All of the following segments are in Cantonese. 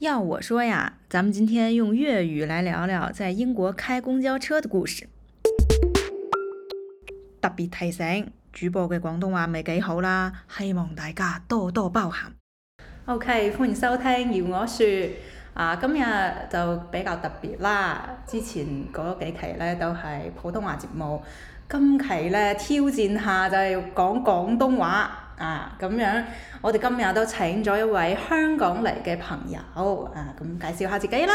要我說呀，咱們今天用粵語來聊聊在英國開公交車的故事。 特別提醒，主播嘅廣東話冇幾好啦，希望大家多多包涵。OK，歡迎收聽。要我說，啊，今日就比較特別啦。之前嗰幾期呢都係普通話節目，今期呢挑戰下就係講廣東話。啊，咁樣，我哋今日都請咗一位香港嚟嘅朋友，啊，咁介紹下自己啦。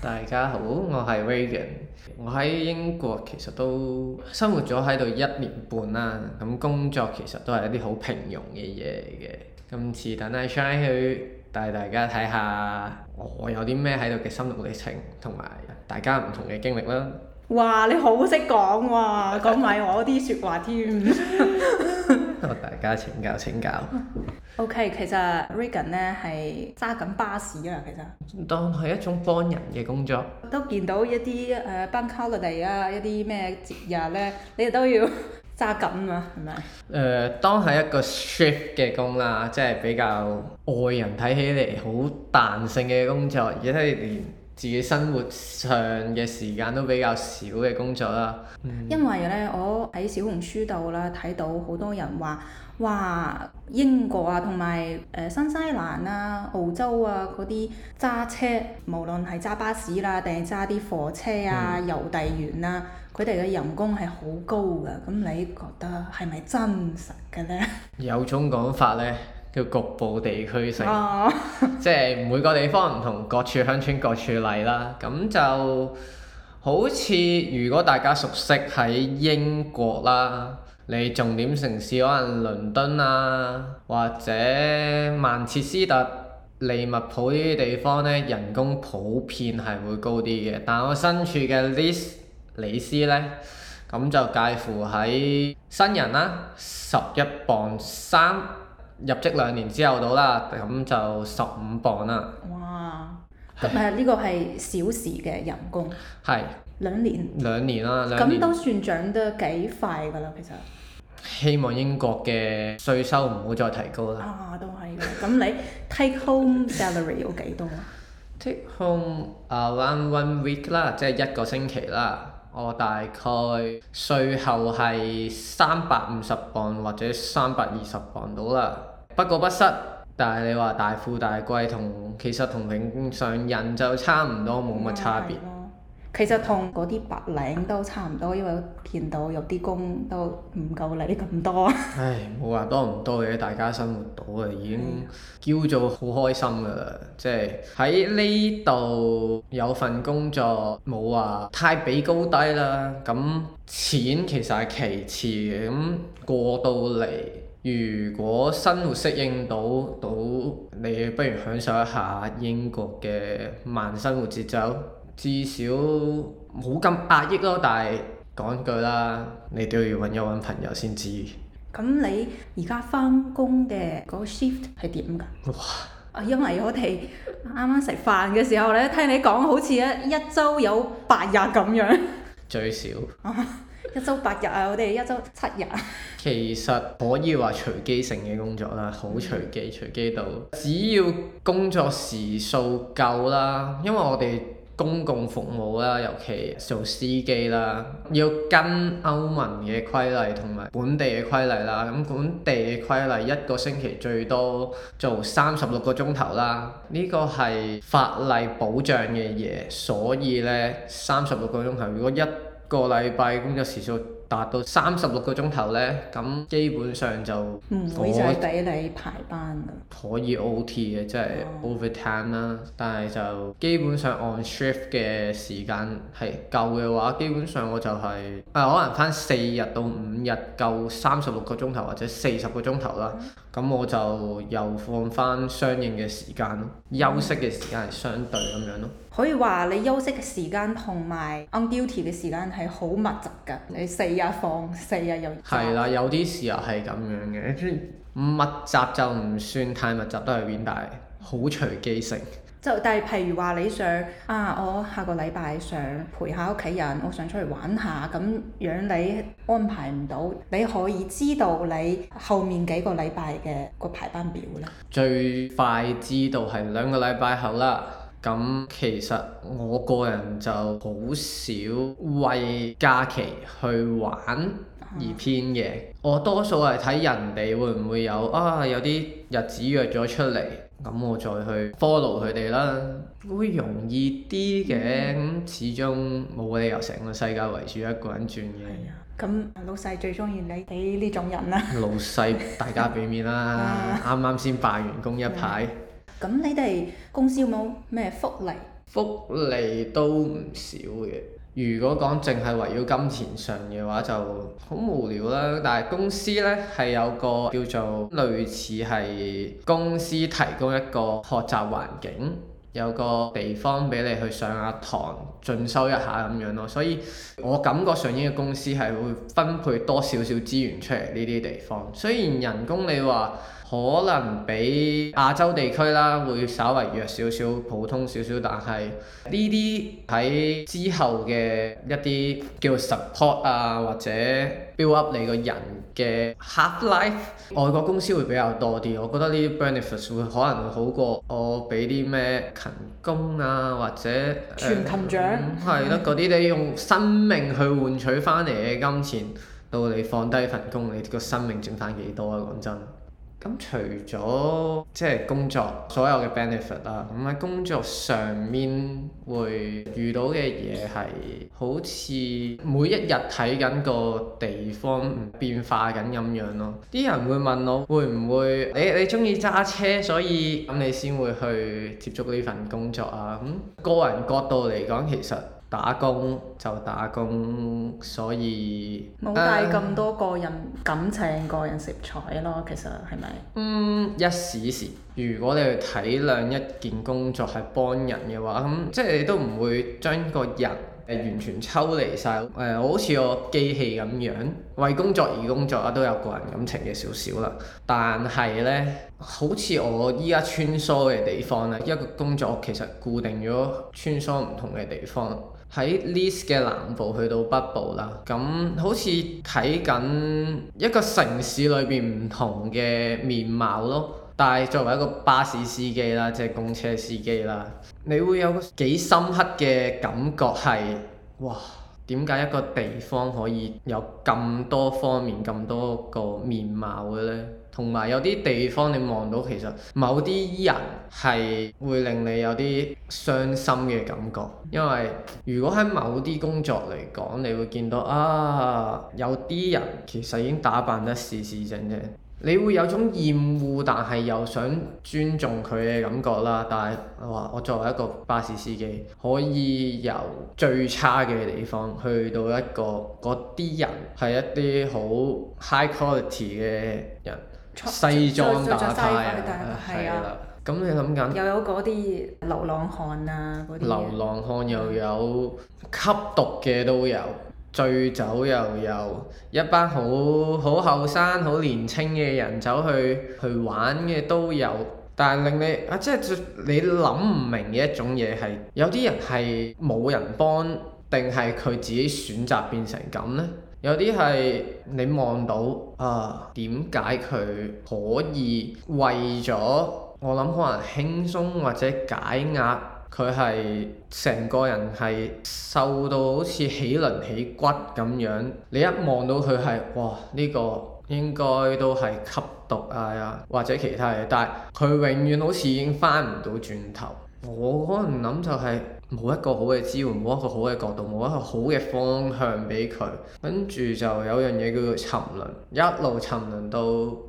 大家好，我係 Regan，我喺英國其實都生活咗喺度一年半啦，咁工作其實都係一啲好平庸嘅嘢嘅，今次等下 Shine 去帶大家睇下我有啲咩喺度嘅心路歷程同埋大家唔同嘅經歷啦。哇，你好識講喎，講埋 我啲説話添。 大家請教請教。OK，其實 Regan 咧係揸緊巴士啊，其實。當係一種幫人嘅工作。都見到一啲誒，Bank Holiday 啊，一啲咩節日咧，你都要揸緊啊，係咪？誒，當係一個 shift 嘅工啦，即係比較外人睇起嚟好彈性嘅工作，而且連，自己生活上嘅時間都比較少嘅工作啦。嗯、因為呢，我喺小紅書度啦睇到好多人話哇，英國啊同埋誒新西蘭啊、澳洲啊嗰啲揸車，無論係揸巴士啦定係揸啲火車啊、郵、嗯、遞員啊，佢哋嘅人工係好高㗎。咁你覺得係咪真實嘅呢？有種講法呢，叫局部地區性，oh. 即係每個地方唔同，各處鄉村各處例啦。咁就好似如果大家熟悉喺英國啦，你重點城市可能倫敦啊，或者曼徹斯特、利物浦呢啲地方呢，人工普遍係會高啲嘅。但我身處嘅里斯，里斯呢，咁就介乎喺新人啦，十一磅三。入職兩年之後到啦，咁就十五磅啦。哇！咁呢是個係小時嘅人工。係是。兩年？兩年啦。咁都算漲得幾快㗎啦，其實。希望英國嘅稅收唔好再提高啦。啊，都係啦。咁你 take home salary 有幾多？Take home one one week 啦，即係一個星期啦。我大概稅後係三百五十磅或者三百二十磅到啦，不過不失。但係你話大富大貴同其實同平常人就差唔多，冇乜差別。其實同嗰啲白領都差唔多，因為見到有啲工都唔夠你咁多。唉，冇話多唔多嘅，大家生活到啊已經叫做好開心㗎啦！嗯，即係喺呢度有份工作，冇話太比高低啦。咁錢其實係其次嘅，咁過到嚟，如果生活適應到到，你不如享受一下英國嘅慢生活節奏。至少冇咁壓抑咯，但係講句啦，你都要揾一揾朋友先知。咁你而家返工嘅個 shift 係點㗎？哇！因為我哋啱啱食飯嘅時候呢，聽你講好似一週有八日咁樣。最少。 一周八日啊！我哋一周七日。其實可以話隨機性嘅工作啦，好隨機，隨機到只要工作時數夠啦，因為我哋。公共服務啦，尤其做司機啦，要跟歐盟嘅規例同埋本地嘅規例啦。咁本地嘅規例一個星期最多做三十六個鐘頭啦。呢個係法例保障嘅嘢，所以呢，三十六個鐘頭，如果一個禮拜工作時數達到三十六個鐘頭呢，咁基本上就唔會俾你排班。可以 O T 嘅，嗯、即係 over time 啦。但係就基本上按 shift 嘅時間係夠嘅話，基本上我就係、是、誒、哎、可能翻四日到五日夠三十六個鐘頭或者四十個鐘頭啦。咁、嗯、我就又放翻相應嘅時間，休息嘅時間係相對咁樣咯。可以話你休息嘅時間同埋 on duty 嘅時間係好密集㗎，你四日放四日又。係啦，有啲時又係咁樣嘅，密集就唔算太密集，都係變大，好隨機性。就但係譬如話你想啊，我下個禮拜想陪下屋企人，我想出去玩下，咁樣你安排唔到，你可以知道你後面幾個禮拜嘅個排班表咧？最快知道係兩個禮拜後啦。咁其實我個人就好少為假期去玩而編嘅，我多數係睇人哋會唔會有啊有啲日子約咗出嚟，咁我再去 follow 佢哋啦，會容易啲嘅。咁始終冇理由成個世界圍住一個人轉嘅。咁、啊、老細最中意你呢種人啦，啊。 老細，大家俾面啦，啱啱先罷完工一排。咁你哋公司有冇咩福利？福利都唔少嘅。如果講淨係圍繞金錢上嘅話，就好無聊啦。但係公司呢，係有個叫做類似係公司提供一個學習環境，有個地方俾你去上下堂進修一下咁樣咯。所以我感覺上呢個公司係會分配多少少資源出嚟呢啲地方。雖然人工你話，可能比亞洲地區啦，會稍為弱少少，普通少少，但係呢啲喺之後嘅一啲叫 support 啊，或者 build up 你個人嘅 hard life，外國公司會比較多啲。我覺得呢啲 benefits 會可能會好過我俾啲咩勤工啊，或者全勤獎，係咯、呃，嗰、嗯、啲、嗯、你用生命去換取翻嚟嘅金錢，到你放低份工，你個生命剩翻幾多啊？講真。咁、嗯、除咗即係工作所有嘅 benefit 啦，咁、嗯、喺工作上面會遇到嘅嘢係好似每一日睇緊個地方變化緊咁樣咯、啊。啲人會問我，會唔會你你中意揸車，所以咁、嗯、你先會去接觸呢份工作啊？咁、嗯、個人角度嚟講，其實～打工就打工，所以冇帶咁多個人感情、嗯、個人色彩咯。其實係咪？是是嗯，一時時。如果你去體諒一件工作係幫人嘅話，咁、嗯、即係你都唔會將個人誒完全抽離晒。誒、嗯，呃、好似我機器咁樣，為工作而工作啊，都有個人感情嘅少少啦。但係呢，好似我依家穿梭嘅地方咧，一個工作其實固定咗穿梭唔同嘅地方。喺 Leeds 嘅南部去到北部啦，咁好似睇緊一個城市裏邊唔同嘅面貌咯。但係作為一個巴士司機啦，即係公車司機啦，你會有個幾深刻嘅感覺，係哇，點解一個地方可以有咁多方面咁多個面貌嘅咧？同埋有啲地方你望到，其實某啲人係會令你有啲傷心嘅感覺，因為如果喺某啲工作嚟講，你會見到啊，有啲人其實已經打扮得四四正正，你會有種厭惡，但係又想尊重佢嘅感覺啦。但係我我作為一個巴士司機，可以由最差嘅地方去到一個嗰啲人係一啲好 high quality 嘅人。西裝打呔啊，係啊，咁、嗯、你諗緊又有嗰啲流浪漢啊，流浪漢又有吸毒嘅都有，醉酒又有一，一班好好後生好年青嘅人走去、哦、去玩嘅都有，但係令你啊，即、就、係、是、你諗唔明嘅一種嘢係，有啲人係冇人幫，定係佢自己選擇變成咁呢？有啲係你望到啊，點解佢可以為咗我諗可能輕鬆或者解壓，佢係成個人係瘦到好似起輪起骨咁樣。你一望到佢係哇，呢個應該都係吸毒啊，啊，或者其他嘢，但係佢永遠好似已經翻唔到轉頭。我可能諗就係。冇一個好嘅支援，冇一個好嘅角度，冇一個好嘅方向俾佢，跟住就有樣嘢叫做沉淪，一路沉淪到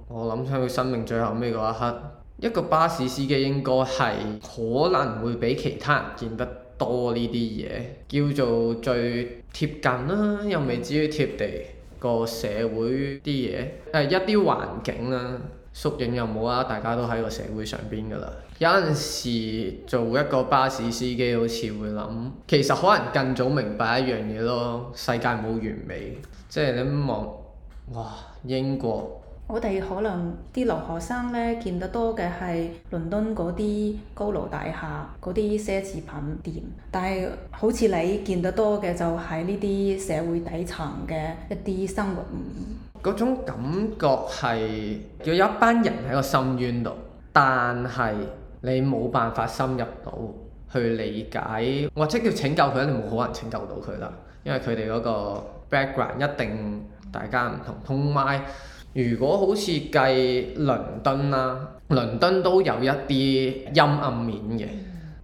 我諗喺佢生命最後尾嗰一刻。一個巴士司機應該係可能會比其他人見得多呢啲嘢，叫做最貼近啦、啊，又未至於貼地個社會啲嘢，誒、呃、一啲環境啦、啊。縮影又冇啦，大家都喺個社會上邊㗎啦，有陣時做一個巴士司機，好似會諗，其實可能更早明白一樣嘢咯，世界冇完美，即係你望，哇英國！我哋可能啲留學生呢，見得多嘅係倫敦嗰啲高樓大廈、嗰啲奢侈品店，但係好似你見得多嘅就係呢啲社會底層嘅一啲生活唔。嗰種感覺係要有一班人喺個深淵度，但係你冇辦法深入到去理解，或者要拯救佢，一定冇可能拯救到佢啦，因為佢哋嗰個 background 一定大家唔同。同埋、嗯、如果好似計倫敦啦，倫敦都有一啲陰暗面嘅，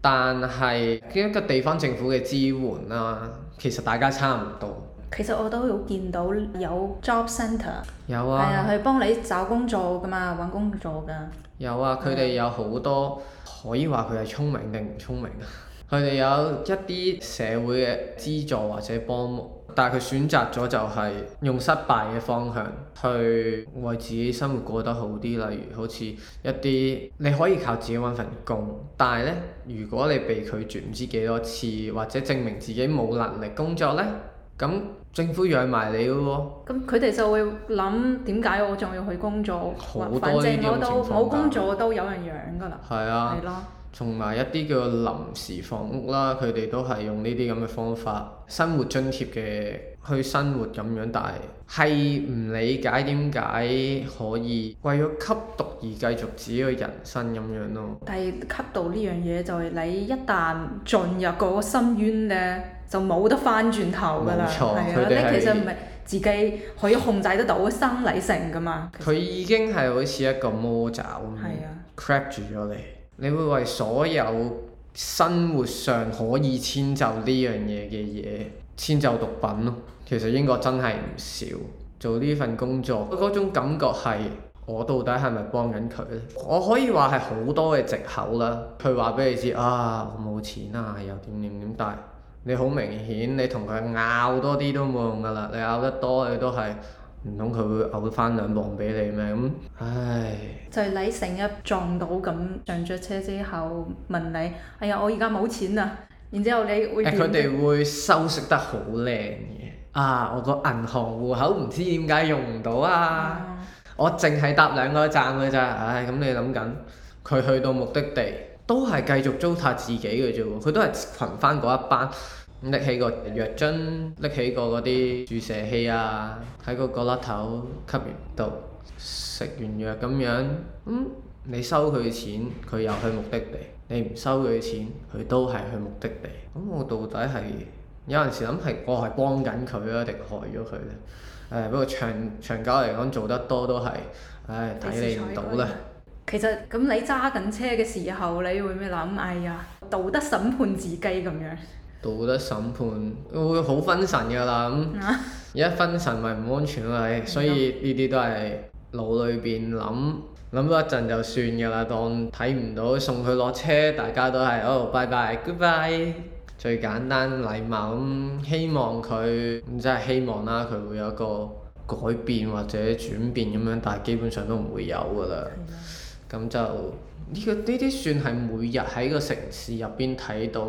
但係一個地方政府嘅支援啦，其實大家差唔多。其實我都有見到有 job centre，有啊係啊，佢幫、啊、你找工作㗎嘛，揾工作㗎。有啊，佢哋有好多、嗯、可以話佢係聰明定唔聰明啊。佢 哋有一啲社會嘅資助或者幫，但係佢選擇咗就係用失敗嘅方向去為自己生活過得好啲。例如好似一啲你可以靠自己揾份工，但係呢，如果你被拒絕唔知幾多次，或者證明自己冇能力工作呢。咁政府養埋你喎，咁佢哋就會諗點解我仲要去工作？好，反正我都冇工作都有人養㗎啦。係啊，係咯，同埋一啲叫臨時房屋啦，佢哋都係用呢啲咁嘅方法生活津貼嘅去生活咁樣，但係係唔理解點解可以為咗吸毒而繼續自己嘅人生咁樣咯。但係吸毒呢樣嘢就係你一旦進入嗰個深淵呢。就冇得翻轉頭㗎啦，係錯啊！即係其實唔係自己可以控制得到生理性㗎嘛。佢已經係好似一個魔爪咁，grab、啊、住咗你。你會為所有生活上可以遷就呢樣嘢嘅嘢遷就毒品咯。其實英國真係唔少做呢份工作，嗰種感覺係我到底係咪幫緊佢咧？我可以話係好多嘅藉口啦。佢話俾你知啊，我冇錢啊，又點點點，但係。你好明顯，你同佢拗多啲都冇用噶啦，你拗得多佢都係唔通佢會嘔翻兩磅俾你咩？咁唉！就係你成日撞到咁上咗車之後問你：哎呀，我而家冇錢啊！然之後你會點？佢哋會收拾得好靚嘅。啊，我個銀行戶口唔知點解用唔到啊！啊我淨係搭兩個站㗎咋，唉、哎！咁、嗯、你諗緊佢去到目的地？都係繼續糟蹋自己嘅啫，佢都係群翻嗰一班，拎起個藥樽，拎起個嗰啲注射器啊，喺個角落頭吸完毒，食完藥咁樣、嗯。你收佢錢，佢又去目的地；你唔收佢錢，佢都係去目的地。咁、嗯、我到底係有陣時諗係我係幫緊佢啊，定害咗佢咧？哎、不過長長久嚟講，做得多都係，唉、哎，睇你唔到啦。其實咁你揸緊車嘅時候，你會唔會諗？哎呀，道德審判自己咁樣。道德審判、哦、會好分神噶啦，咁 一分神咪唔安全啦。嗯、所以呢啲都係腦裏邊諗諗多一陣就算噶啦，當睇唔到送佢落車，大家都係哦，oh, bye bye, goodbye, 拜拜，goodbye，最簡單禮貌咁，希望佢即係希望啦，佢會有一個改變或者轉變咁樣，但係基本上都唔會有噶啦。咁就呢、這個呢啲算係每日喺個城市入邊睇到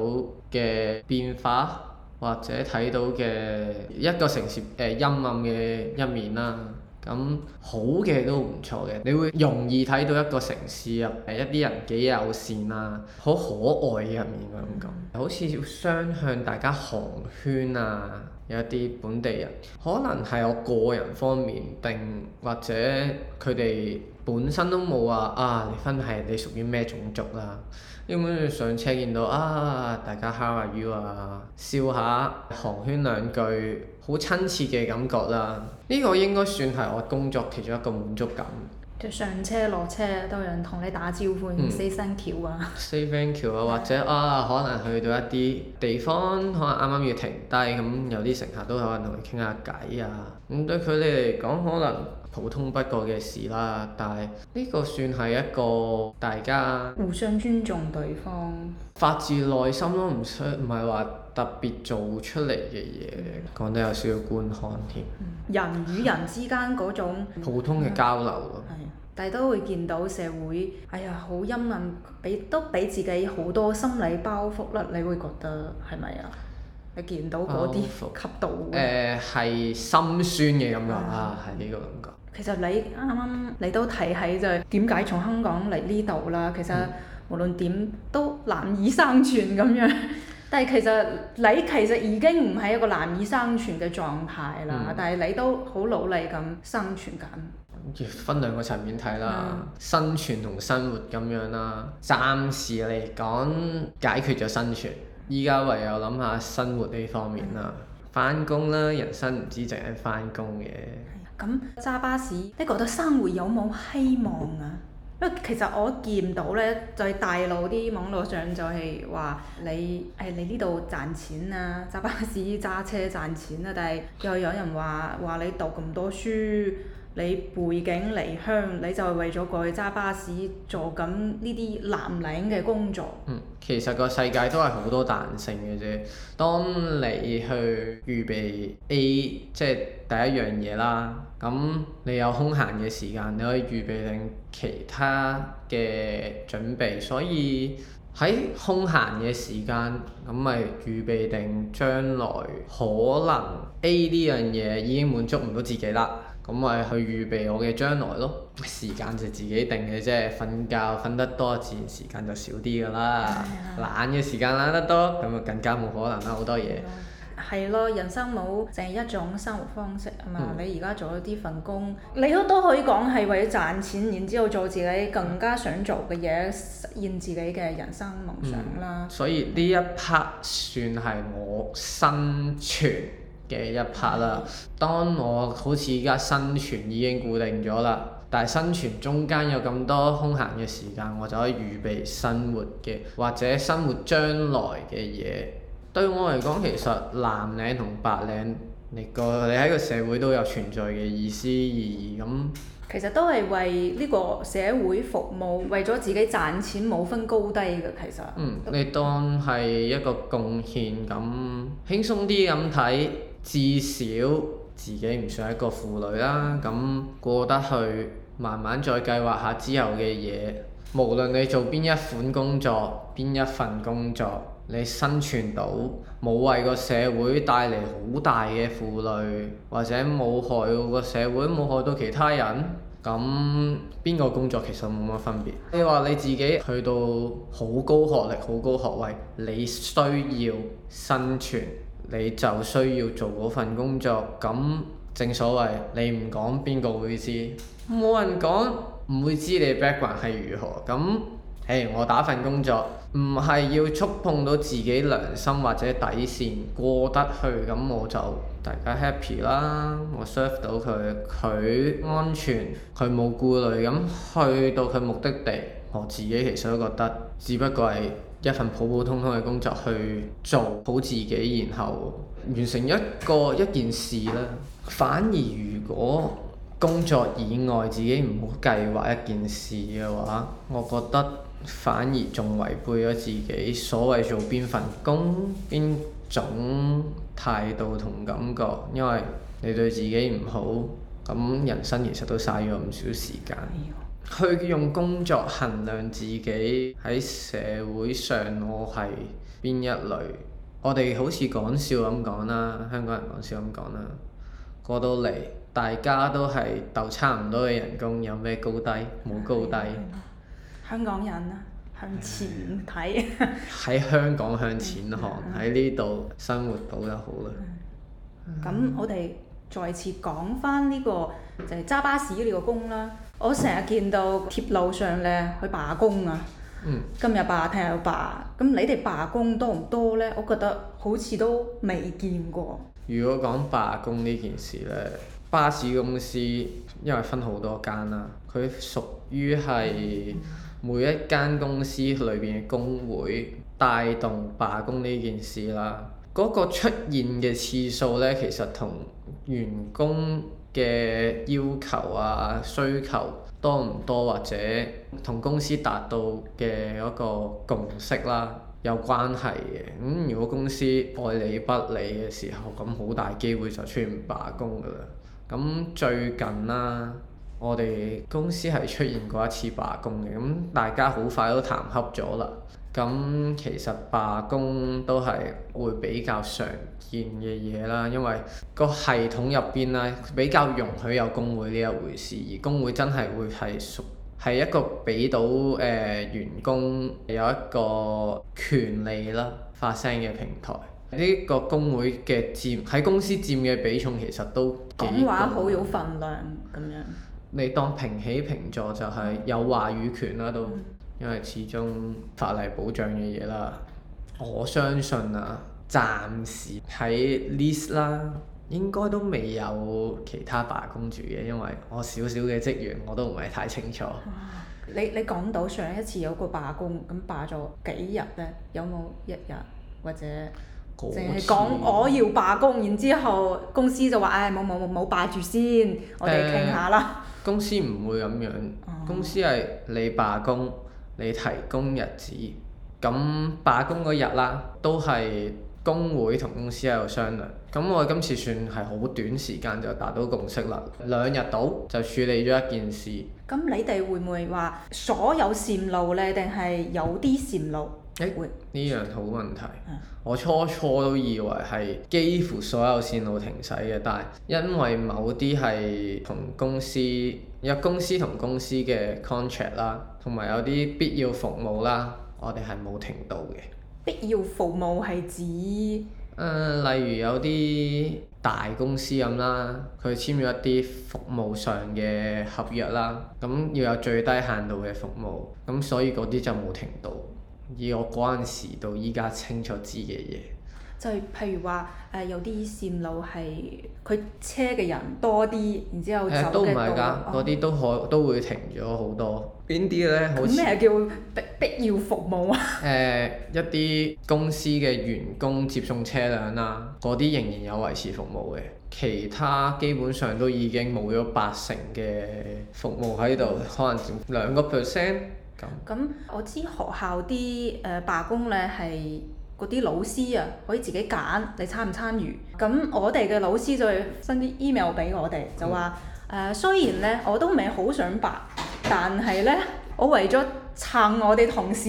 嘅變化，或者睇到嘅一個城市誒、呃、陰暗嘅一面啦、啊。咁好嘅都唔錯嘅，你會容易睇到一個城市入誒、呃、一啲人幾友善啊，好可愛嘅一面咁、啊、咁，好似雙向大家寒暄啊～有一啲本地人，可能係我個人方面定或者佢哋本身都冇話啊你分係你屬於咩種族啦、啊。根本上車見到啊，大家 How are you 啊，笑下寒暄兩句，好親切嘅感覺啦。呢、呢個應該算係我工作其中一個滿足感。即上車落車都有人同你打招呼啊、嗯、say thank you 啊 ，say thank you 啊，或者啊可能去到一啲地方可能啱啱要停低咁、嗯，有啲乘客都可能同你傾下偈啊。咁、嗯、對佢哋嚟講，可能普通不過嘅事啦，但係呢個算係一個大家互相尊重對方，發自內心咯、啊，唔出唔係話。特別做出嚟嘅嘢，講得有少少觀看添、嗯。人與人之間嗰種普通嘅交流咯。係、嗯，但係都會見到社會，哎呀，好陰暗，俾都俾自己好多心理包袱啦。你會覺得係咪啊？你見到嗰啲吸毒，誒係心酸嘅感覺啊，係呢、嗯、個感覺。其實你啱啱你都提起就係點解從香港嚟呢度啦？其實無論點都難以生存咁樣。 但係其實你其實已經唔係一個難以生存嘅狀態啦，嗯、但係你都好努力咁生存緊、嗯。分兩個層面睇啦，的生存同生活咁樣啦、啊。暫時嚟講解決咗生存，依家唯有諗下生活呢方面啦、啊。翻工啦，人生唔止淨係翻工嘅。咁揸巴士，你覺得生活有冇希望啊？嗯。不過其實我見到呢，就在、是、大陸啲網絡上就係話你係你呢度賺錢啊，揸巴士揸車賺錢啊，但係又有人話話你讀咁多書。你背井離鄉，你就係為咗過去揸巴士做緊呢啲藍領嘅工作。嗯，其實個世界都係好多彈性嘅啫。當你去預備 A，即係第一樣嘢啦。咁你有空閒嘅時間，你可以預備定其他嘅準備。所以喺空閒嘅時間，咁咪預備定將來可能 A 呢樣嘢已經滿足唔到自己啦。咁咪去預備我嘅將來咯，時間就自己定嘅啫。瞓覺瞓得多，自然時間就少啲㗎啦。啊、懶嘅時間懶得多，咁啊更加冇可能啦，好多嘢。係咯、啊啊，人生冇淨係一種生活方式啊嘛！嗯、你而家做咗啲份工，你都都可以講係為咗賺錢，然之後做自己更加想做嘅嘢，實現自己嘅人生夢想啦。嗯、所以呢一 part 算係我生存。嗯嘅一拍啦，當我好似依家生存已經固定咗啦，但係生存中間有咁多空閒嘅時間，我就可以預備生活嘅或者生活將來嘅嘢。對我嚟講，其實藍領同白領，你個你喺個社會都有存在嘅意思意義，咁，其實都係為呢個社會服務，為咗自己賺錢冇分高低嘅其實。嗯，你當係一個貢獻咁，輕鬆啲咁睇。至少自己唔算係一個負累啦，咁過得去，慢慢再計劃下之後嘅嘢。無論你做邊一款工作，邊一份工作，你生存到冇為個社會帶嚟好大嘅負累，或者冇害到個社會，冇害到其他人，咁邊個工作其實冇乜分別。你話你自己去到好高學歷、好高學位，你需要生存。你就需要做嗰份工作，咁正所謂你唔講邊個會知？冇人講唔會知你 background 係如何。咁誒，我打份工作，唔係要觸碰到自己良心，或者底線過得去，咁我就大家 happy 啦。我 serve 到佢，佢安全，佢冇顧慮，咁去到佢目的地，我自己其實都覺得，只不過係。一份普普通通嘅工作去做好自己，然後完成一個一件事啦。反而如果工作以外自己唔好計劃一件事嘅話，我覺得反而仲違背咗自己所謂做邊份工邊種態度同感覺，因為你對自己唔好，咁人生其實都嘥咗唔少時間。去用工作衡量自己，喺社會上我係邊一類？我哋好似講笑咁講啦，香港人講笑咁講啦。過到嚟大家都係鬥差唔多嘅人工，有咩高低？冇高低、哎。香港人啊，向前睇、哎呀。喺 香港向前行，喺呢度生活得到就好啦。咁、哎、我哋再次講翻呢個就係、是、揸巴士呢個工啦。我成日見到鐵路上咧去罷工啊，嗯、今日罷聽日罷，咁你哋罷工多唔多呢？我覺得好似都未見過。如果講罷工呢件事呢，巴士公司因為分好多間啦，佢屬於係每一間公司裏邊嘅工會帶動罷工呢件事啦。嗰個出現嘅次數呢，其實同員工嘅要求啊，需求多唔多，或者同公司達到嘅嗰個共識啦，有關係嘅。咁、嗯、如果公司愛理不理嘅時候，咁好大機會就出現罷工噶啦。咁、嗯、最近啦、啊，我哋公司係出現過一次罷工嘅，咁、嗯、大家好快都談洽咗啦。咁其實罷工都係會比較常見嘅嘢啦，因為個系統入邊咧，比較容許有工會呢一回事，而工會真係會係屬係一個俾到誒、呃、員工有一個權利啦發聲嘅平台。呢、嗯、個工會嘅佔喺公司佔嘅比重其實都幾講話好有份量咁樣。你當平起平坐就係有話語權啦都。嗯因為始終法例保障嘅嘢啦，我相信啊，暫時喺 list 啦，應該都未有其他罷工住嘅，因為我少少嘅職員我都唔係太清楚。哇！你你講到上一次有一個罷工，咁罷咗幾日呢？有冇一日或者次？過千。淨係講我要罷工，然之後公司就話：唉、哎，冇冇冇，冇罷住先，我哋傾下啦、嗯。公司唔會咁樣，公司係你罷工。嗯你提供日子，咁罷工嗰日啦，都係工會同公司喺度商量。咁我今次算係好短時間就達到共識啦，兩日到就處理咗一件事。咁你哋會唔會話所有線路咧，定係有啲線路，誒會？呢樣好問題，啊、我初初都以為係幾乎所有線路停駛嘅，但係因為某啲係同公司有公司同公司嘅 contract 啦，同埋有啲必要服務啦，我哋係冇停到嘅。必要服務係指誒、呃，例如有啲大公司咁啦，佢簽咗一啲服務上嘅合約啦，咁要有最低限度嘅服務，咁所以嗰啲就冇停到。以我嗰陣時到依家清楚知嘅嘢，就係譬如話誒、呃、有啲線路係佢車嘅人多啲，然之後誒、呃、都唔係㗎，嗰啲、哦、都可都會停咗好多。邊啲呢？好似、咁咩叫必，必要服務啊？誒、呃、一啲公司嘅員工接送車輛啦、啊，嗰啲仍然有維持服務嘅，其他基本上都已經冇咗八成嘅服務喺度， 可能兩個 percent。咁、嗯、我知學校啲誒、呃、罷工咧係嗰啲老師啊，可以自己揀，你參唔參與？咁、嗯、我哋嘅老師就係分啲 email 俾我哋，就話誒、嗯呃、雖然咧我都唔係好想罷，但係咧我為咗撐我哋同事、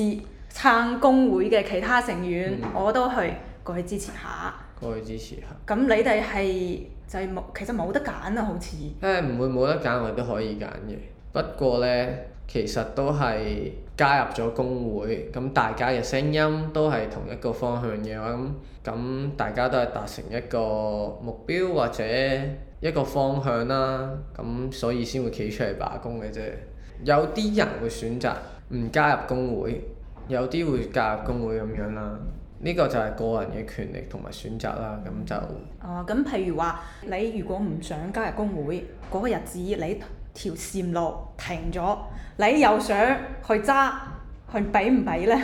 撐工會嘅其他成員，嗯、我都去過去支持下。過去支持下。咁、嗯、你哋係就冇、係，其實冇得揀啊，好似。誒，唔會冇得揀，我哋都可以揀嘅，不過咧。其實都係加入咗工會，咁大家嘅聲音都係同一個方向嘅話，咁大家都係達成一個目標或者一個方向啦，咁所以先會企出嚟罷工嘅啫。有啲人會選擇唔加入工會，有啲會加入工會咁樣啦。呢個就係個人嘅權利同埋選擇啦。咁就哦，咁，呃，譬如話，你如果唔想加入工會，嗰個日子你，條線路停咗，你又想去揸，去俾唔俾呢？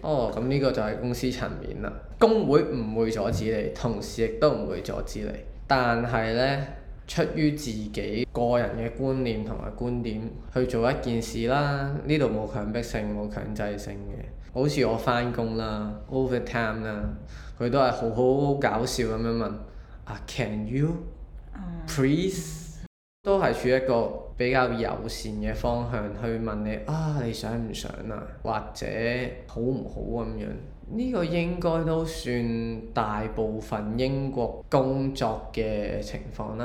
哦，咁呢個就係公司層面啦。工會唔會阻止你，同事亦都唔會阻止你，但係呢，出於自己個人嘅觀念同埋觀點去做一件事啦。呢度冇強迫性，冇強制性嘅。好似我翻工啦，over time 啦，佢都係好好好搞笑咁樣問：Can you please？、Um, 都係處於一個比較友善嘅方向去問你啊，你想唔想啊？或者好唔好咁樣？呢、這個應該都算大部分英國工作嘅情況啦。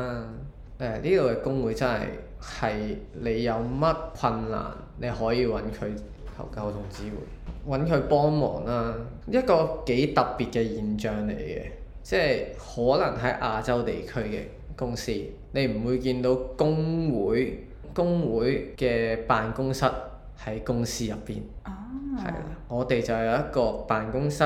呢度嘅工會真係係你有乜困難，你可以揾佢求救同支援，揾佢幫忙啦、啊。一個幾特別嘅現象嚟嘅，即係可能喺亞洲地區嘅。公司你唔會見到工會，工會嘅辦公室喺公司入邊，係啦、啊，我哋就有一個辦公室，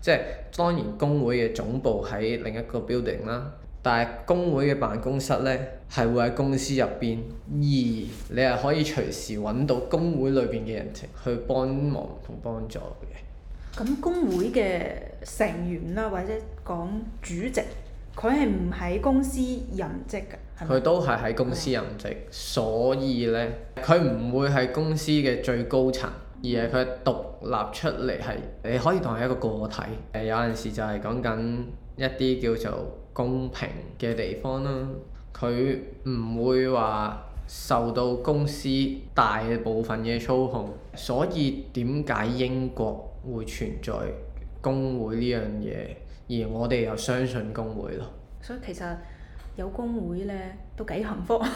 即係當然工會嘅總部喺另一個 building 啦，但係工會嘅辦公室呢，係會喺公司入邊，而你係可以隨時揾到工會裏邊嘅人情去幫忙同幫助嘅。咁工會嘅成員啦，或者講主席，佢係唔喺公司任職㗎，佢都係喺公司任職，所以呢，佢唔會係公司嘅最高層，而係佢獨立出嚟係，你可以當係一個個體。有陣時就係講緊一啲叫做公平嘅地方啦，佢唔會話受到公司大部分嘅操控，所以點解英國會存在工會呢樣嘢？而我哋又相信工會咯，所以其實有工會咧都幾幸福。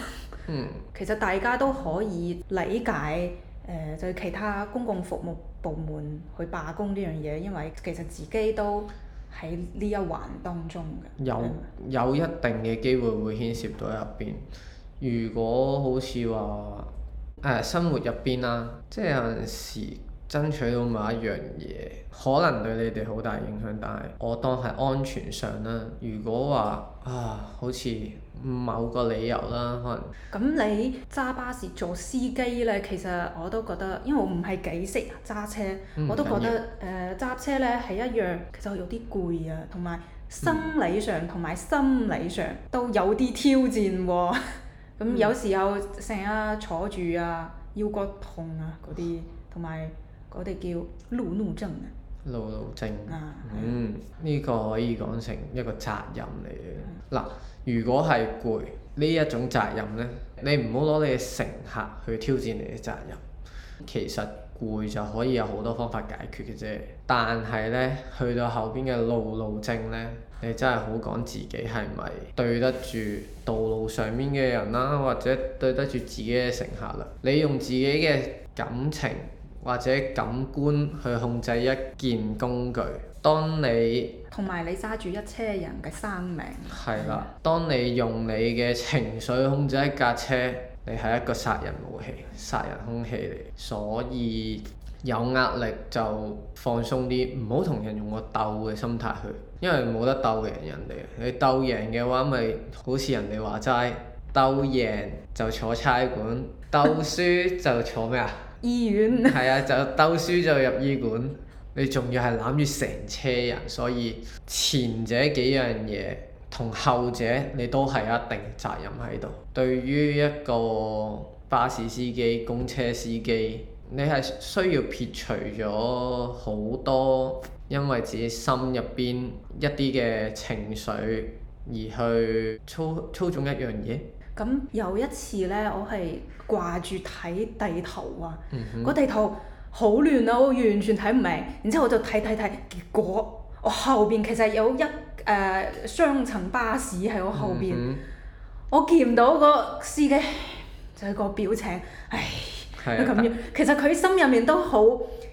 嗯，其實大家都可以理解誒、呃，就其他公共服務部門去罷工呢樣嘢，因為其實自己都喺呢一環當中嘅。有、嗯、有一定嘅機會會牽涉到入邊。如果好似話誒生活入邊啦，即係有陣時。爭取到某一樣嘢，可能對你哋好大影響，但係我當係安全上啦。如果話啊，好似某個理由啦，可能咁你揸巴士做司機呢，其實我都覺得，因為我唔係幾識揸車，嗯、我都覺得誒揸、呃、車呢係一樣，其實有啲攰啊，同埋生理上同埋心理上、嗯、心理上都有啲挑戰喎、啊。咁、嗯、 有時候成日坐住啊，腰骨痛啊嗰啲，同埋～我哋叫路怒症啊！路怒症，嗯，呢個可以講成一個責任嚟嘅。嗱、嗯，如果係攰呢一種責任呢，你唔好攞你嘅乘客去挑戰你嘅責任。其實攰就可以有好多方法解決嘅啫，但係呢，去到後邊嘅路怒症呢，你真係好講自己係咪對得住道路上面嘅人啦、啊，或者對得住自己嘅乘客啦？你用自己嘅感情。或者感官去控制一件工具，當你同埋你揸住一車人嘅生命，係啦。當你用你嘅情緒控制一架車，你係一個殺人武器、殺人兇器嚟。所以有壓力就放鬆啲，唔好同人用個鬥嘅心態去，因為冇得鬥贏人哋。你鬥贏嘅話，咪好似人哋話齋，鬥贏就坐差館，鬥輸就坐咩啊？ 醫院係 啊，就兜輸就入醫院，你仲要係攬住成車人，所以前者幾樣嘢同後者你都係一定責任喺度。對於一個巴士司機、公車司機，你係需要撇除咗好多因為自己心入邊一啲嘅情緒而去操操縱一樣嘢。咁有一次呢，我係掛住睇地圖啊，個、嗯、哼地圖好亂啊，我完全睇唔明。然之後我就睇睇睇，結果我後邊其實有一誒雙層巴士喺我後邊，嗯、哼我見到個司機就係、是、個表情，唉，佢咁、啊、樣。其實佢心入面都好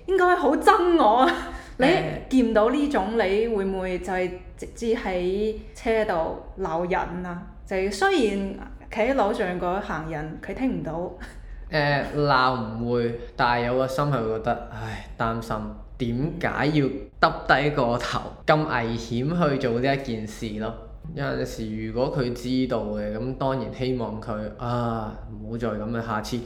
應該好憎我。啊。嗯、 你見到呢種，你會唔會就係直接喺車度鬧人啊？就係、雖然。企喺樓上個行人，佢聽唔到。誒鬧唔會，但係有個心係覺得，唉，擔心點解要耷低個頭咁危險去做呢一件事咯？有陣時，如果佢知道嘅，咁當然希望佢啊唔好再咁啦。下次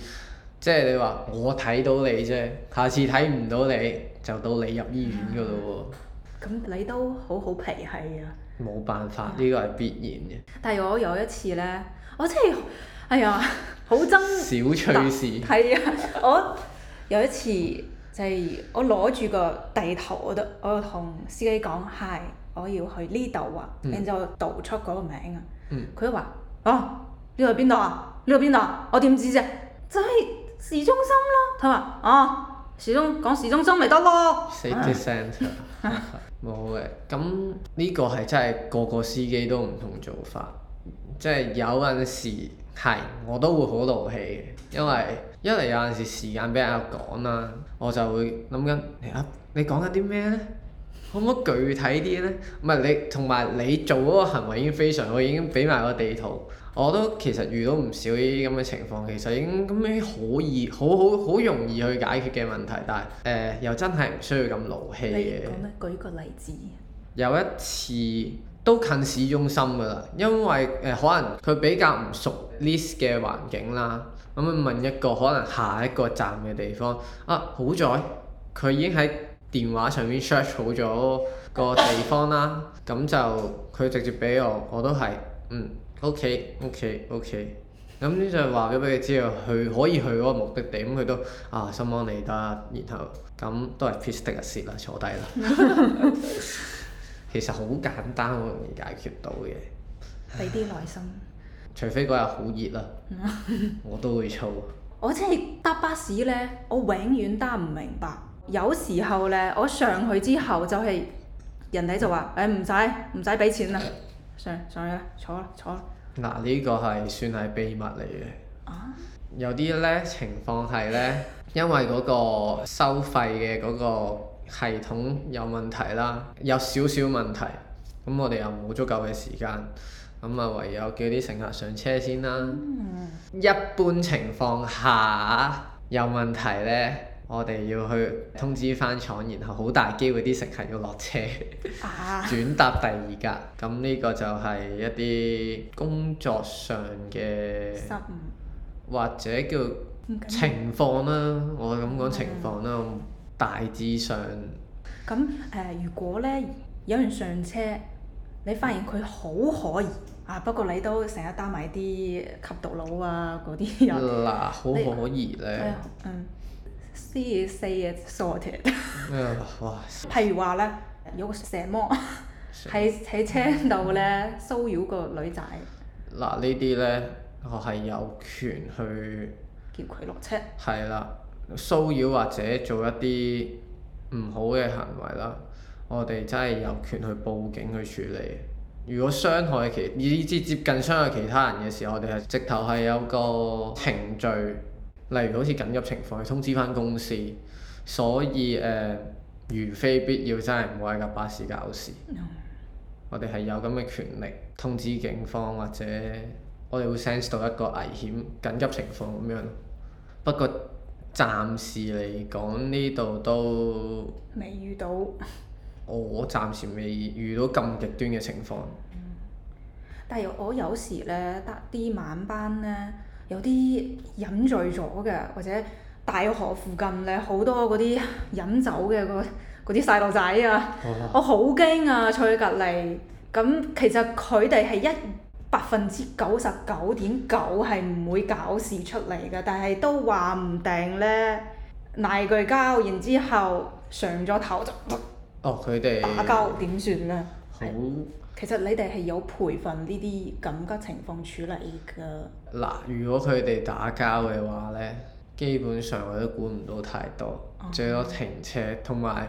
即係你話我睇到你啫，下次睇唔到你就到你入醫院噶啦喎。咁你都好好脾氣啊！冇、嗯嗯嗯嗯、辦法，呢個係必然嘅。但係我有一次呢。我真係哎呀，好憎小趣事。係啊，我有一次就係我攞住個地圖，我都我同司機講係我要去呢度啊，然之後讀出嗰個名、嗯 oh, 啊，佢話哦，呢度邊度啊？呢度邊度啊？我點知啫？就係、是、市中心咯。佢話哦，市、oh, 中講市中心咪得咯。冇嘅，咁呢個係真係個個司機都唔同做法。即係有陣時係我都會好勞氣嘅，因為一嚟有陣時時間比較趕啦，我就會諗緊你啊，你講緊啲咩咧？可唔可以具體啲呢？唔係你同埋你做嗰個行為已經非常，好，已經俾埋個地圖，我都其實遇到唔少呢啲咁嘅情況，其實已經咁樣可以好好好容易去解決嘅問題，但係、呃、又真係唔需要咁勞氣嘅。你講咩？舉個例子。有一次。都近市中心㗎啦，因為誒、呃、可能佢比較唔熟呢啲嘅環境啦，咁啊問一個可能下一個站嘅地方，啊好在佢已經喺電話上面 search 好咗個地方啦，咁就佢直接俾我，我都係嗯，OK OK OK，咁就話咗俾佢知道，佢可以去嗰個目的地，咁佢都啊心安理得，然後咁都係 please take a seat 啦，坐低啦。其實好簡單，好容易解決到嘅。俾啲耐心。 除非嗰日好熱啦， 我都會躁。我真係搭巴士呢，我永遠搭唔明白。有時候呢，我上去之後就係、是、人哋就話：誒唔使唔使俾錢啦，上上去啦，坐啦坐啦。嗱、啊，呢、這個係算係秘密嚟嘅。啊、有啲呢情況係呢，因為嗰個收費嘅嗰、那個。系統有問題啦，有少少問題，咁我哋又冇足夠嘅時間，咁啊唯有叫啲乘客上車先啦。嗯、一般情況下有問題呢，我哋要去通知翻廠，然後好大機會啲乘客要落車、啊、 轉搭第二架，咁呢個就係一啲工作上嘅失誤，或者叫情況啦，啊、 我係咁講情況啦。嗯大致上，咁誒、呃，如果咧有人上車，你發現佢好可疑啊！不過你都成日搭埋啲吸毒佬啊嗰啲人，嗱好可疑咧，嗯 t h s o r t e d 咩哇！譬如話咧，有個蛇魔喺喺蛇 車度咧騷擾個女仔，嗱呢啲咧我係有權去叫佢落車，係啦。騷擾或者做一啲唔好嘅行為啦，我哋真係有權去報警去處理。如果傷害其以至接近傷害其他人嘅時候，我哋係直頭係有個程序，例如好似緊急情況去通知翻公司。所以誒、呃，如非必要真係唔會喺架巴士搞事。No. 我哋係有咁嘅權力通知警方或者我哋會 sense 到一個危險緊急情況咁樣。不過，暫時嚟講，呢度都未遇到。我，我暫時未遇到咁極端嘅情況。嗯、但係我有時呢，得啲晚班呢，有啲飲醉咗嘅，或者大學附近呢，好多嗰啲飲酒嘅嗰啲細路仔啊，啊我好驚啊！坐喺隔離，咁其實佢哋係一百分之九十九點九係唔會搞事出嚟嘅，但係都話唔定呢，嗌句交，然之後上咗頭就哦，佢哋打交點算呢？好，其實你哋係有培訓呢啲緊急情況處理噶。嗱，如果佢哋打交嘅話呢，基本上我都管唔到太多，哦、最多停車同埋。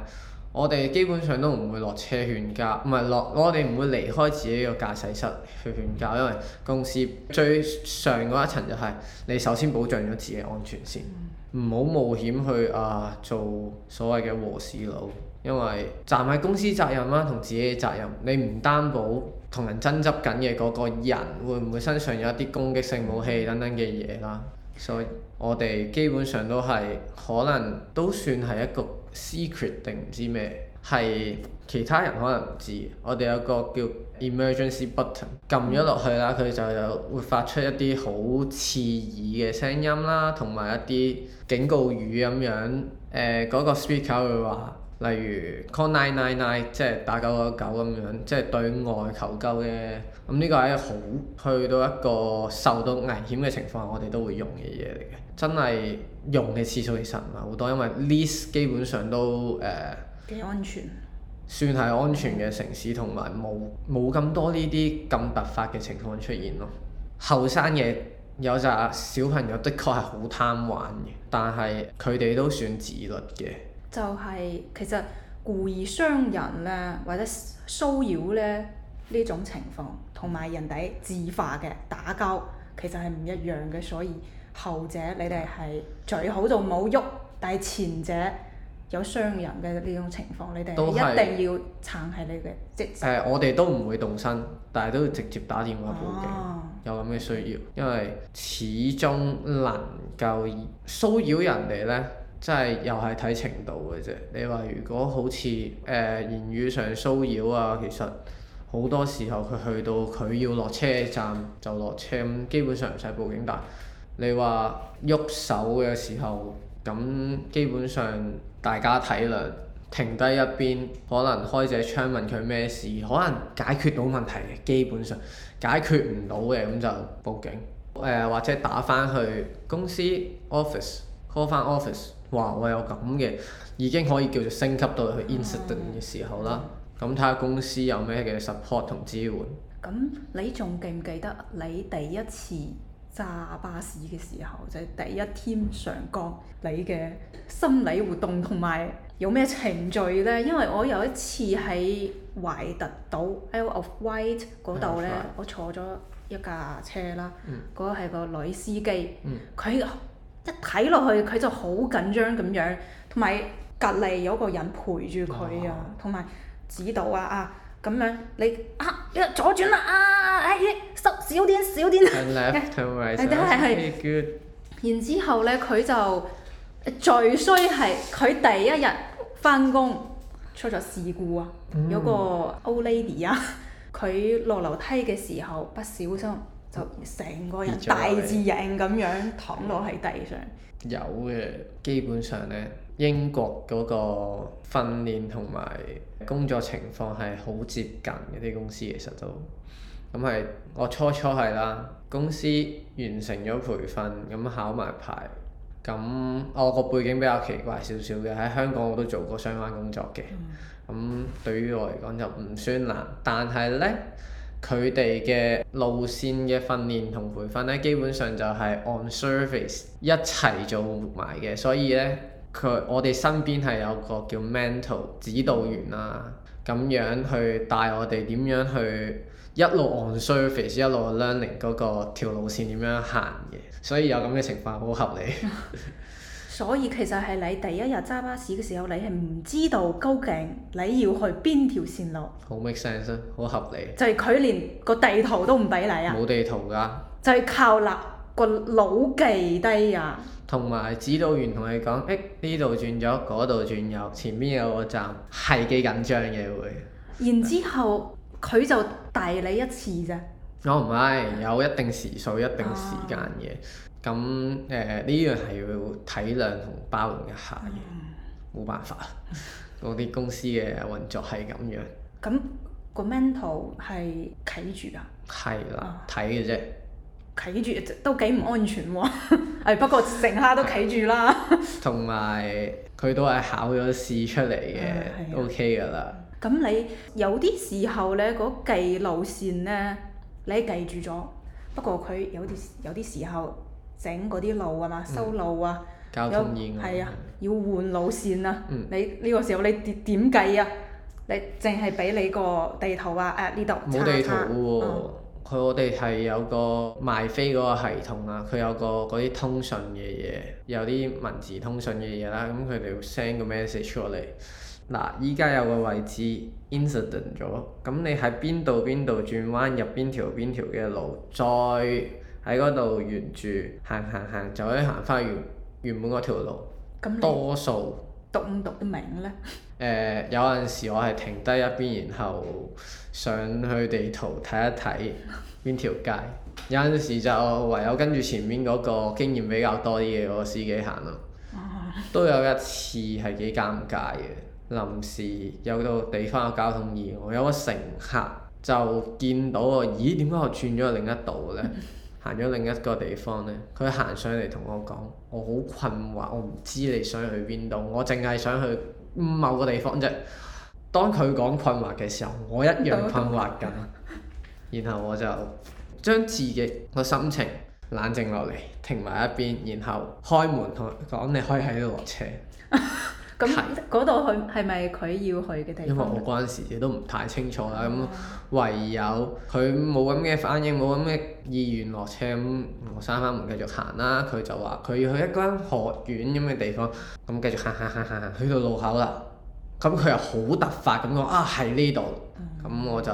我哋基本上都唔會落車勸架，唔係落我哋唔會離開自己個駕駛室去勸架，因為公司最上嗰一層就係、是、你首先保障咗自己安全、嗯、先，唔好冒險去啊做所謂嘅和事佬，因為站喺公司責任啦、啊、同自己嘅責任，你唔擔保同人爭執緊嘅嗰個人會唔會身上有一啲攻擊性武器等等嘅嘢啦，所以我哋基本上都係可能都算係一個。secret 定唔知咩，係其他人可能唔知。我哋有個叫 emergency button，撳咗落去啦，佢就有會發出一啲好刺耳嘅聲音啦，同埋一啲警告語咁樣。誒、呃、嗰、嗰個 speaker 會話，例如 call nine nine nine，即係打九九九咁樣，即係對外求救嘅。咁、嗯、呢個係好去到一個受到危險嘅情況，我哋都會用嘅嘢嚟嘅，真係。用嘅次數其實唔係好多，因為 Leeds 基本上都、呃、幾安全，算係安全嘅城市，同埋冇冇咁多呢啲咁突發嘅情況出現咯。後生嘅有紮小朋友，的確係好貪玩嘅，但係佢哋都算自律嘅。就係其實故意傷人咧，或者騷擾咧呢種情況，同埋人哋自化嘅打交，其實係唔一樣嘅，所以。後者你哋係最好就冇喐，但係前者有傷人嘅呢種情況，你哋係一定要撐喺你嘅職。誒、呃，我哋都唔會動身，但係都要直接打電話報警，啊、有咁嘅需要，因為始終能夠騷擾人哋呢，即係又係睇程度嘅啫。你話如果好似誒、呃、言語上騷擾啊，其實好多時候佢去到佢要落車站就落車，咁基本上唔使報警，但你話喐手嘅時候，咁基本上大家體諒，停低一邊，可能開隻窗問佢咩事，可能解決到問題，基本上解決唔到嘅，咁就報警，誒、呃、或者打翻去公司 office call 翻 office，話我有咁嘅，已經可以叫做升級到去 incident 嘅、嗯、時候啦，咁睇下公司有咩嘅 support 同支援。咁、嗯、你仲記唔記得你第一次揸巴士嘅時候，就係、第一天上崗，嗯、你嘅心理活動同埋有咩程序呢？因為我有一次喺懷特島 Isle of Wight 嗰度呢，我坐咗一架車啦，嗰個係個女司機，佢、嗯、一睇落去佢就好緊張咁樣，同埋隔離有個人陪住佢啊，同埋、哦、指導啊～啊咁樣，你啊，你左轉啦啊！哎，濕少啲，少啲。然之後咧，佢就最衰係佢第一日翻工出咗事故啊！有、mm. 個 old lady 啊，佢落樓梯嘅時候不小心就成個人大字型咁樣躺落喺地上。 有嘅，基本上咧。英國嗰個訓練同埋工作情況係好接近嘅，啲公司其實都咁係我初初係啦，公司完成咗培訓咁考埋牌，咁我個背景比較奇怪少少嘅，喺香港我都做過相關工作嘅，咁對於我嚟講就唔算難，但係呢，佢哋嘅路線嘅訓練同培訓呢，基本上就係 on surface 一齊做埋嘅，所以呢。佢我哋身邊係有個叫 mental 指導員啦、啊，咁樣去帶我哋點樣去一路 on surface，一路 learning 嗰個條路線點樣行嘅，所以有咁嘅情況好合理。 所以其實係你第一日揸巴士嘅時候，你係唔知道究竟你要去邊條線路。好 make sense，好合理。好合理，就係佢連個地圖都唔俾你啊！冇地圖㗎。就係靠立個腦記低啊！同埋指導員同你講，誒呢度轉左，嗰度轉右，前面有個站，係幾緊張嘅會。然之後佢就帶你一次啫。我唔係，有一定時數，一定時間嘅。咁誒呢樣係要體諒同包容一下嘅，冇、嗯、辦法啊！我啲、嗯、公司嘅運作係咁樣。咁、嗯，那個 mental 係企住啊？係啦，睇嘅啫。企住都幾唔安全喎，不過成刻都企住啦。同埋佢都係考咗試出嚟嘅，OK 㗎啦。咁你有啲時候呢個計路線呢，你計住咗。不過佢有啲有啲時候整嗰啲路啊嘛，修路啊，交通意外。係啊，要換路線啊！你呢個時候你點計啊？你淨係俾你個地圖啊？誒呢度。冇地圖喎。佢我哋係有個賣飛嗰個系統啊，佢有個嗰啲通訊嘅嘢，有啲文字通訊嘅嘢啦，咁佢哋會 send 個 message 出嚟。嗱，依家有個位置 incident 咗，咁你喺邊度邊度轉彎入邊條邊條嘅路，再喺嗰度沿住行，行行行，就可以行翻原原本嗰條路。咁那你 多數讀唔讀得明呢？誒、 呃，有陣時我係停低一邊，然後。上去地圖睇一睇邊條街，有陣時就唯有跟住前面嗰個經驗比較多啲嘅嗰個司機行啦，啊。都有一次係幾尷尬嘅，臨時有個地方有交通意外，有個乘客就見到我，咦點解我轉咗去另一度呢？行咗 另一個地方呢，佢行上嚟同我講：我好困惑，我唔知你想去邊度，我淨係想去某個地方啫。當佢講困惑嘅時候，我一樣困惑緊。 然後我就將自己個心情冷靜落嚟，停埋一邊，然後開門同佢講：你可以喺度落車。咁嗰度去係咪佢要去嘅地方？因為我嗰陣時都唔太清楚啦。咁 唯有佢冇咁嘅反應，冇咁嘅意願落車，咁我閂翻門繼續行啦。佢就話佢要去一間學院咁嘅地方，咁繼續行行行行行，去到路口啦。咁佢又好突發咁講啊，喺呢度，咁我就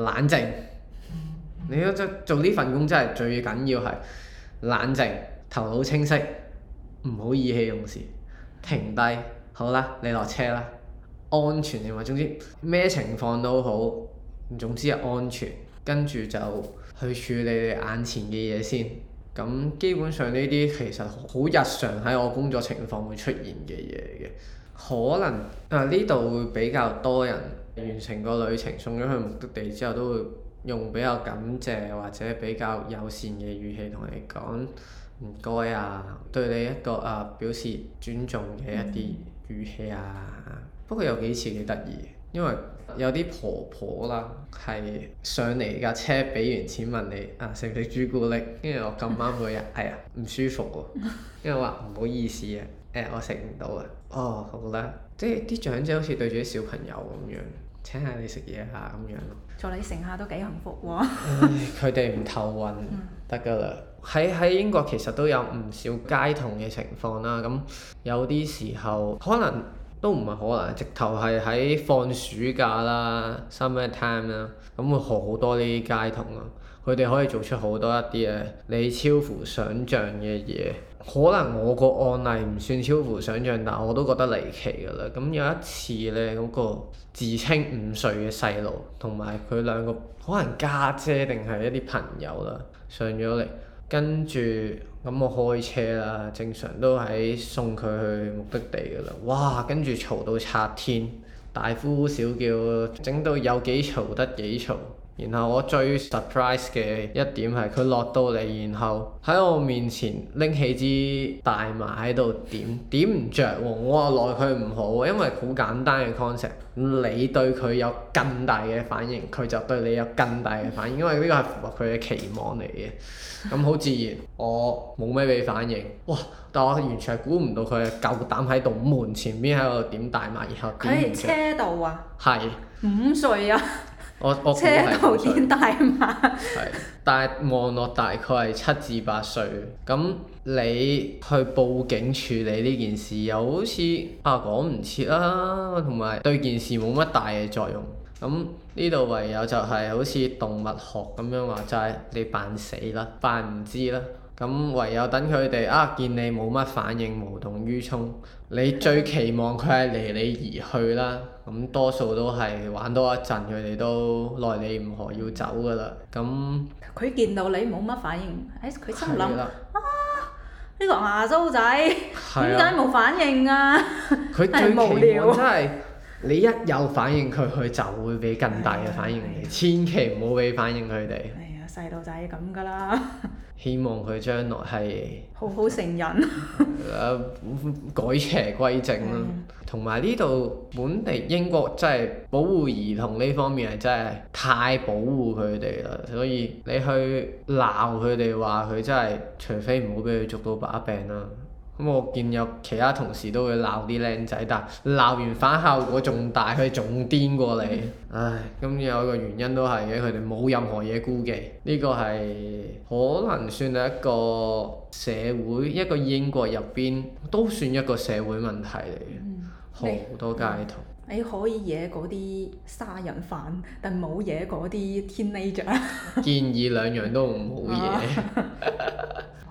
冷靜。你都真做呢份工真係最緊要係冷靜，頭腦清晰，唔好意氣用事，停低，好啦，你落車啦，安全，你話總之咩情況都好，總之係安全，跟住就去處理你眼前嘅嘢先。咁基本上呢啲其實好日常喺我工作情況會出現嘅嘢嘅。可能啊呢度會比較多人完成個旅程，送咗去目的地之後，都會用比較感謝或者比較友善嘅語氣同你講唔該啊，對你一個啊表示尊重嘅一啲語氣啊。嗯。不過有幾次幾得意，因為有啲婆婆啦係上嚟架車，俾完錢問你啊食唔食朱古力？跟住我咁啱嗰日係，哎呀，唔舒服喎啊，跟住話唔好意思啊，誒，哎，我食唔到啊。哦，oh, 好啦，即係啲長者好似對住啲小朋友咁樣，請下你食嘢下咁樣咯。做你乘客都幾幸福喎。 唉，佢哋唔頭暈得㗎啦。喺喺、嗯、英國其實都有唔少街童嘅情況啦。咁有啲時候可能都唔係可能，可能直頭係喺放暑假啦、summer time 啦，咁會好多呢啲街童咯。佢哋可以做出好多一啲咧，你超乎想象嘅嘢。可能我個案例唔算超乎想象，但我都覺得離奇㗎啦。咁有一次呢，嗰個自稱五歲嘅細路，同埋佢兩個可能家姐定係一啲朋友啦，上咗嚟，跟住咁我開車啦，正常都喺送佢去目的地㗎啦。哇！跟住嘈到拆天，大呼小叫，整到有幾嘈得幾嘈。然後我最 surprise 嘅一點係佢落到嚟，然後喺我面前拎起支大麻喺度點，點唔着喎、哦！我話奈佢唔好，因為好簡單嘅 concept。你對佢有更大嘅反應，佢就對你有更大嘅反應，因為呢個係符合佢嘅期望嚟嘅。咁好自然，我冇咩俾反應。哇！但我完全係估唔到佢係夠膽喺度門前邊喺度點大麻，然後點唔著。車道啊？係是。五歲啊！我頭變大馬，係，但望落大概係七至八歲，咁你去報警處理呢件事，又好似啊講唔切啦，同埋對件事冇乜大嘅作用，咁呢度唯有就係好似動物學咁樣話，就係、是、你扮死啦，扮唔知啦，咁唯有等佢哋啊見你冇乜反應，無動於衷，你最期望佢係離你而去啦。咁多數都係玩多一陣，佢哋都耐你唔何要走噶啦。咁佢見到你冇乜反應，誒佢就諗啊呢、呢個亞洲仔點解冇反應啊？佢、啊、最無聊真係你一有反應，佢佢就會俾更大嘅反應你， 千祈唔好俾反應佢哋。細路仔咁噶啦，希望佢將來係好好成人，改邪歸正咯。同埋呢度本地英國真係保護兒童呢方面係真係太保護佢哋啦，所以你去鬧佢哋話佢真係，除非唔好俾佢捉到把柄啦。咁我見有其他同事都會鬧啲靚仔，但鬧完反效果仲大，佢哋仲癲過你。唉，咁有一個原因都係嘅，佢哋冇任何嘢顧忌。呢、這個係可能算係一個社會，一個英國入邊都算一個社會問題嚟嘅，好、嗯、多街童。你可以惹嗰啲殺人犯，但冇惹嗰啲 teenager。 建議兩樣都唔好惹。啊、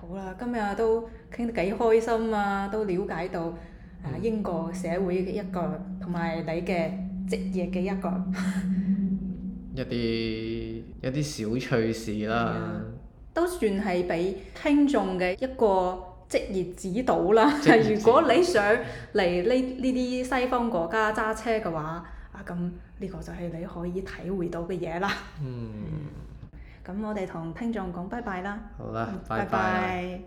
好啦，今日都～傾得幾開心啊！都了解到、啊、英國社會嘅一個，同埋你嘅職業嘅一個 一啲一啲小趣事啦，都 算係俾聽眾嘅一個職業指導啦。導 如果你想嚟呢呢啲西方國家揸車嘅話，啊咁呢個就係你可以體會到嘅嘢啦。嗯。咁我哋同聽眾講拜拜啦。好啦，拜拜。拜拜啊。